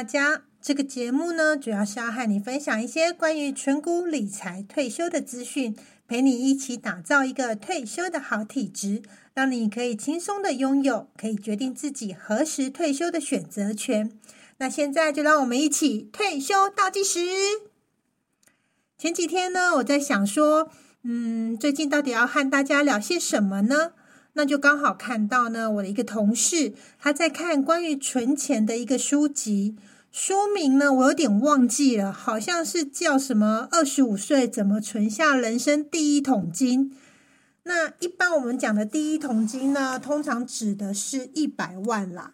大家，這個節目呢，主要是要和你分享一些關於存股理財、退休的資訊，陪你一起打造一個退休的好體質，讓你可以輕鬆的擁有可以決定自己何時退休的選擇權。那現在就讓我們一起退休倒計時。前幾天呢，我在想說，嗯，最近到底要和大家聊些什麼呢？那就剛好看到呢，我的一個同事他在看關於存錢的一個書籍。書名呢，我有點忘記了，好像是叫什麼《二十五歲怎麼存下人生第一桶金》。那一般我們講的第一桶金呢，通常指的是一百萬啦。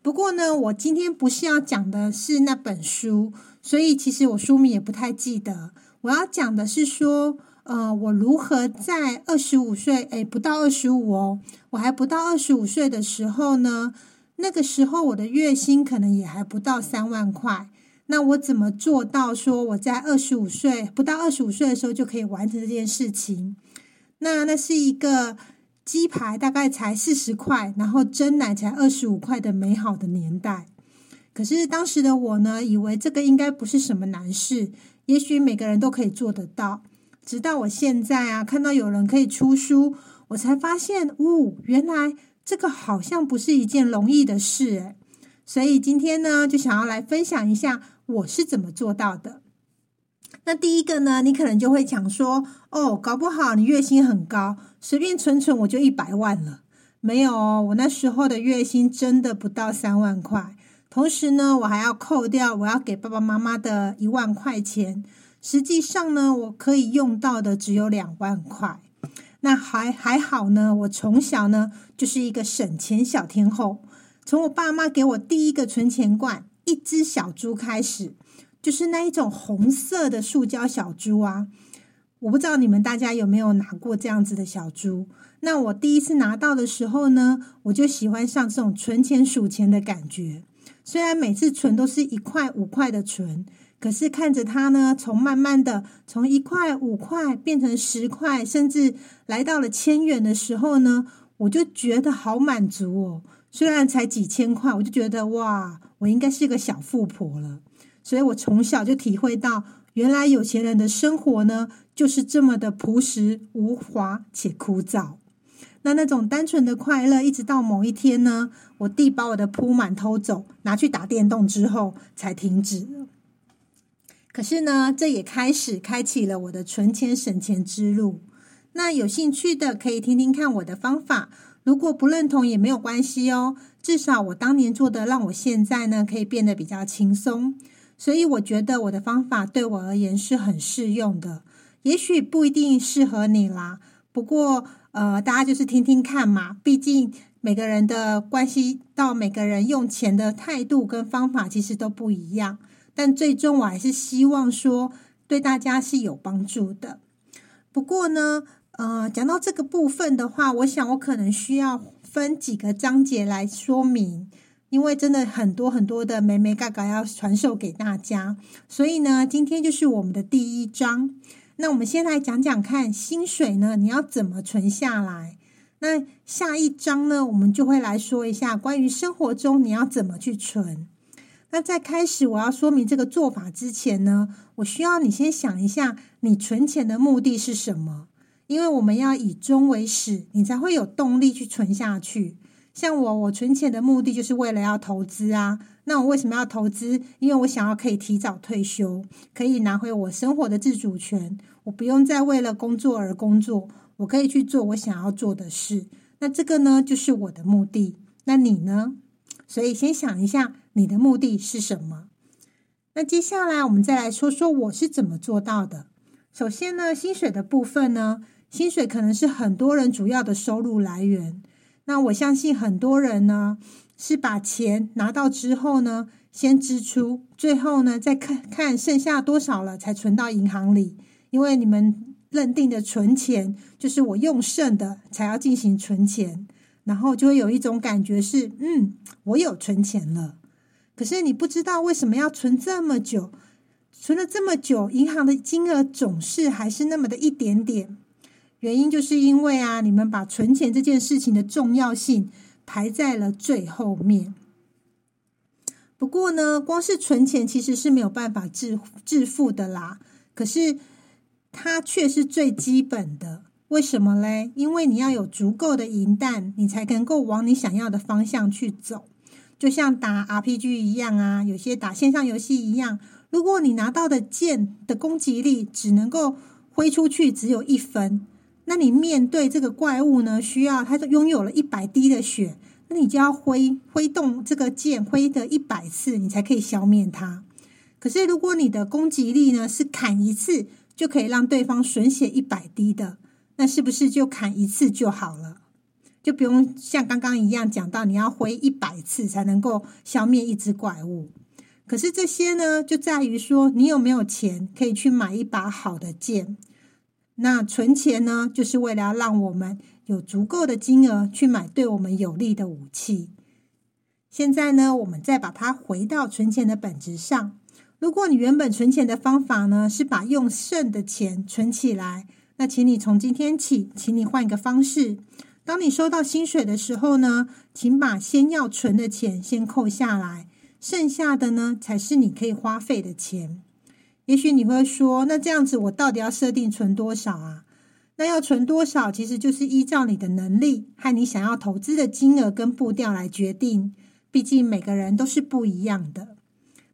不過呢，我今天不是要講的是那本書，所以其實我書名也不太記得。我要講的是說，呃，我如何在二十五歲，誒，不到二十五哦，我還不到二十五歲的時候呢。那個時候我的月薪可能也還不到三萬塊，那我怎麼做到說我在二十五歲，不到二十五歲的時候就可以完成這件事情？那那是一個雞排大概才四十塊，然後珍奶才二十五塊的美好的年代。可是當時的我呢，以為這個應該不是什麼難事，也許每個人都可以做得到。直到我現在啊，看到有人可以出書，我才發現，嗚、哦，原來。這個好像不是一件容易的事誒，所以今天呢，就想要來分享一下我是怎麼做到的。那第一個呢，你可能就會講說，哦，搞不好你月薪很高，隨便存存，我就一百萬了。沒有哦，我那時候的月薪真的不到三萬塊，同時呢，我還要扣掉我要給爸爸媽媽的一萬塊錢，實際上呢，我可以用到的只有兩萬塊。那還還好呢，我從小呢就是一個省錢小天後。從我爸媽給我第一個存錢罐，一隻小豬開始，就是那一種紅色的塑膠小豬啊。我不知道你們大家有沒有拿過這樣子的小豬？那我第一次拿到的時候呢，我就喜歡上這種存錢數錢的感覺。雖然每次存都是一塊五塊的存。可是看着他呢，從慢慢的從一塊五塊變成十塊，甚至來到了千元的時候呢，我就覺得好滿足哦。雖然才幾千塊，我就覺得哇，我應該是個小富婆了。所以我從小就體會到，原來有錢人的生活呢，就是這麼的樸實無華且枯燥。那那種單純的快樂，一直到某一天呢，我弟把我的撲滿偷走，拿去打電動之後，才停止了。可是呢，這也開始開啟了我的存錢省錢之路。那有興趣的可以聽聽看我的方法，如果不認同也沒有關係哦。至少我當年做的，讓我現在呢可以變得比較輕鬆。所以我覺得我的方法對我而言是很適用的，也許不一定適合你啦。不過呃，大家就是聽聽看嘛，畢竟每個人的關係到每個人用錢的態度跟方法，其實都不一樣。但最終我還是希望說，對大家是有幫助的。不過呢，呃，講到這個部分的話，我想我可能需要分幾個章節來說明，因為真的很多很多的眉眉角角要傳授給大家。所以呢，今天就是我們的第一章。那我們先來講講看，薪水呢，你要怎麼存下來？那下一章呢，我們就會來說一下關於生活中你要怎麼去存。那在開始我要說明這個做法之前呢，我需要你先想一下，你存錢的目的是什麼？因為我們要以終為始，你才會有動力去存下去。像我，我存錢的目的就是為了要投資啊。那我為什麼要投資？因為我想要可以提早退休，可以拿回我生活的自主權，我不用再為了工作而工作，我可以去做我想要做的事。那這個呢，就是我的目的。那你呢？所以先想一下。你的目的是什麼？那接下來我們再來說說我是怎麼做到的。首先呢，薪水的部分呢，薪水可能是很多人主要的收入來源。那我相信很多人呢，是把錢拿到之後呢，先支出，最後呢，再看看剩下多少了才存到銀行裡。因為你們認定的存錢就是我用剩的才要進行存錢，然後就會有一種感覺是，嗯，我有存錢了。可是你不知道為什麼要存這麼久，存了這麼久，銀行的金額總是還是那麼的一點點。原因就是因為啊，你們把存錢這件事情的重要性排在了最後面。不過呢，光是存錢其實是沒有辦法致致富的啦。可是它卻是最基本的。為什麼嘞？因為你要有足夠的銀彈，你才能夠往你想要的方向去走。就像打 RPG 一樣啊，有些打線上遊戲一樣，如果你拿到的劍的攻擊力只能夠揮出去只有一分，那你面對這個怪物呢，需要它擁有了一百滴的血，那你就要揮揮動這個劍揮的一百次，你才可以消滅它。可是如果你的攻擊力呢是砍一次就可以讓對方損血一百滴的，那是不是就砍一次就好了？就不用像剛剛一樣講到你要回一百次才能夠消滅一隻怪物。可是這些呢，就在於說你有沒有錢可以去買一把好的劍。那存錢呢，就是為了要讓我們有足夠的金額去買對我們有利的武器。現在呢，我們再把它回到存錢的本質上。如果你原本存錢的方法呢是把用剩的錢存起來，那請你從今天起，請你換一個方式。當你收到薪水的時候呢，請把先要存的錢先扣下來，剩下的呢才是你可以花費的錢。也許你會說，那這樣子我到底要設定存多少啊？那要存多少，其實就是依照你的能力和你想要投資的金額跟步調來決定，畢竟每個人都是不一樣的。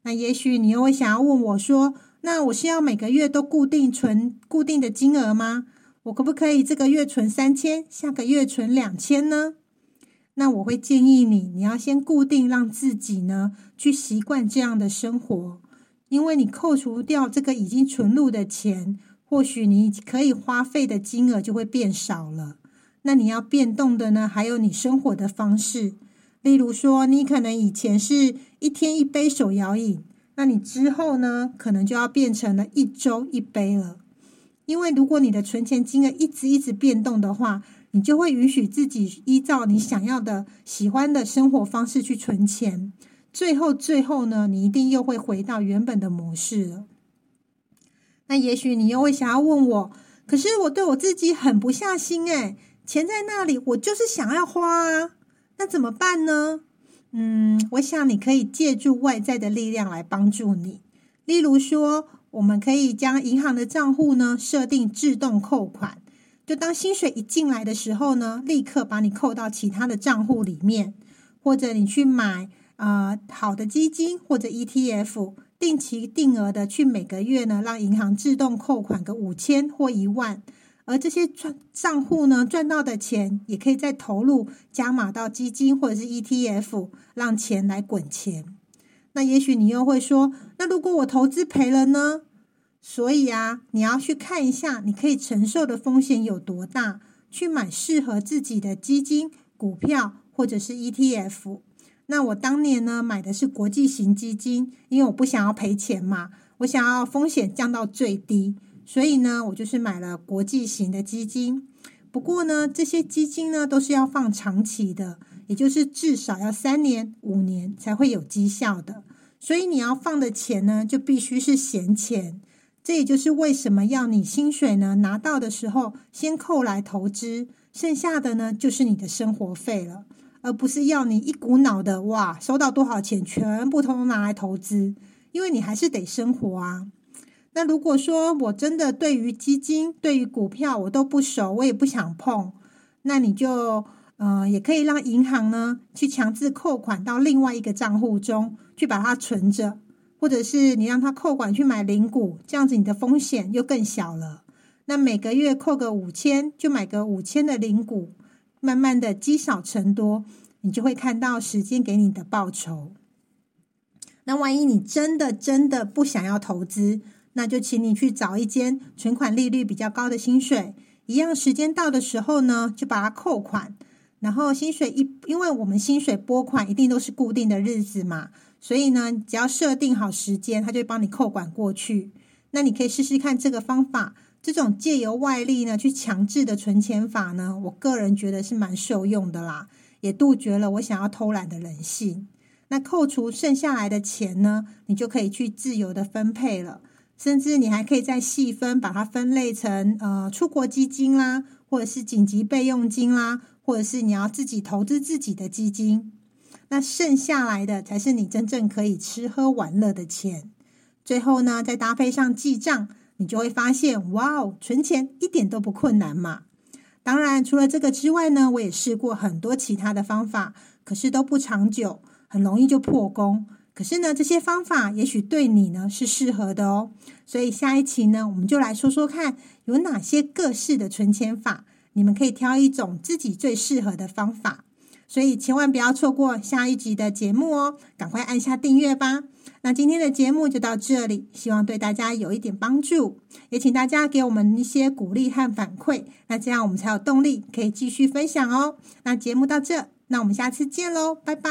那也許你又會想要問我說，那我是要每個月都固定存固定的金額嗎？我可不可以這個月存三千，下個月存兩千呢？那我會建議你，你要先固定讓自己呢去習慣這樣的生活，因為你扣除掉這個已經存入的錢，或許你可以花費的金額就會變少了。那你要變動的呢，還有你生活的方式，例如說，你可能以前是一天一杯手搖飲，那你之後呢，可能就要變成了一周一杯了。因為如果你的存錢金額一直一直變動的話，你就會允許自己依照你想要的、喜歡的生活方式去存錢。最後，最後呢，你一定又會回到原本的模式了。那也許你又會想要問我，可是我對我自己狠不下心哎、欸，錢在那裡，我就是想要花啊，那怎麼辦呢？嗯，我想你可以借助外在的力量來幫助你。例如說，我們可以將銀行的賬戶呢設定自動扣款，就當薪水一進來的時候呢，立刻把你扣到其他的賬戶裡面，或者你去買啊、呃、好的基金或者 ETF，定期定額的去每個月呢，讓銀行自動扣款個五千或一萬，而這些賺賬戶呢賺到的錢，也可以再投入加碼到基金或者是 ETF，讓錢來滾錢。那也許你又會說，那如果我投資賠了呢？所以啊，你要去看一下，你可以承受的風險有多大，去買適合自己的基金、股票或者是 ETF。那我當年呢，買的是國際型基金，因為我不想要賠錢嘛，我想要風險降到最低，所以呢，我就是買了國際型的基金。不過呢，這些基金呢，都是要放長期的。也就是至少要三年五年才會有績效的，所以你要放的錢呢，就必須是閒錢。這也就是為什麼要你薪水呢，拿到的時候先扣來投資，剩下的呢，就是你的生活費了，而不是要你一股腦的哇，收到多少錢全部通通拿來投資，因為你還是得生活啊。那如果說我真的對於基金、對於股票我都不熟，我也不想碰，那你就。嗯、呃，也可以讓銀行呢去強制扣款到另外一個賬戶中去把它存着，或者是你讓它扣款去買零股，這樣子你的風險又更小了。那每個月扣個五千，就買個五千的零股，慢慢的積少成多，你就會看到時間給你的報酬。那萬一你真的真的不想要投資，那就請你去找一間存款利率比較高的薪水，一樣時間到的時候呢，就把它扣款。然後薪水一，因為我們薪水撥款一定都是固定的日子嘛，所以呢，只要設定好時間，它就會幫你扣款過去。那你可以試試看這個方法，這種借由外力呢去強制的存錢法呢，我個人覺得是蠻受用的啦，也杜絕了我想要偷懶的人性。那扣除剩下來的錢呢，你就可以去自由的分配了，甚至你還可以再細分，把它分類成呃出國基金啦，或者是緊急備用金啦。或者是你要自己投資自己的基金，那剩下來的才是你真正可以吃喝玩樂的錢。最後呢，再搭配上記賬，你就會發現，哇哦，存錢一點都不困難嘛！當然，除了這個之外呢，我也試過很多其他的方法，可是都不長久，很容易就破功。可是呢，這些方法也許對你呢是適合的哦。所以下一期呢，我們就來說說看有哪些各式的存錢法。你們可以挑一種自己最適合的方法，所以千萬不要錯過下一集的節目哦！趕快按下訂閱吧。那今天的節目就到這裡，希望對大家有一點幫助，也請大家給我們一些鼓勵和反饋，那這樣我們才有動力可以繼續分享哦。那節目到這，那我們下次見嘍，拜拜。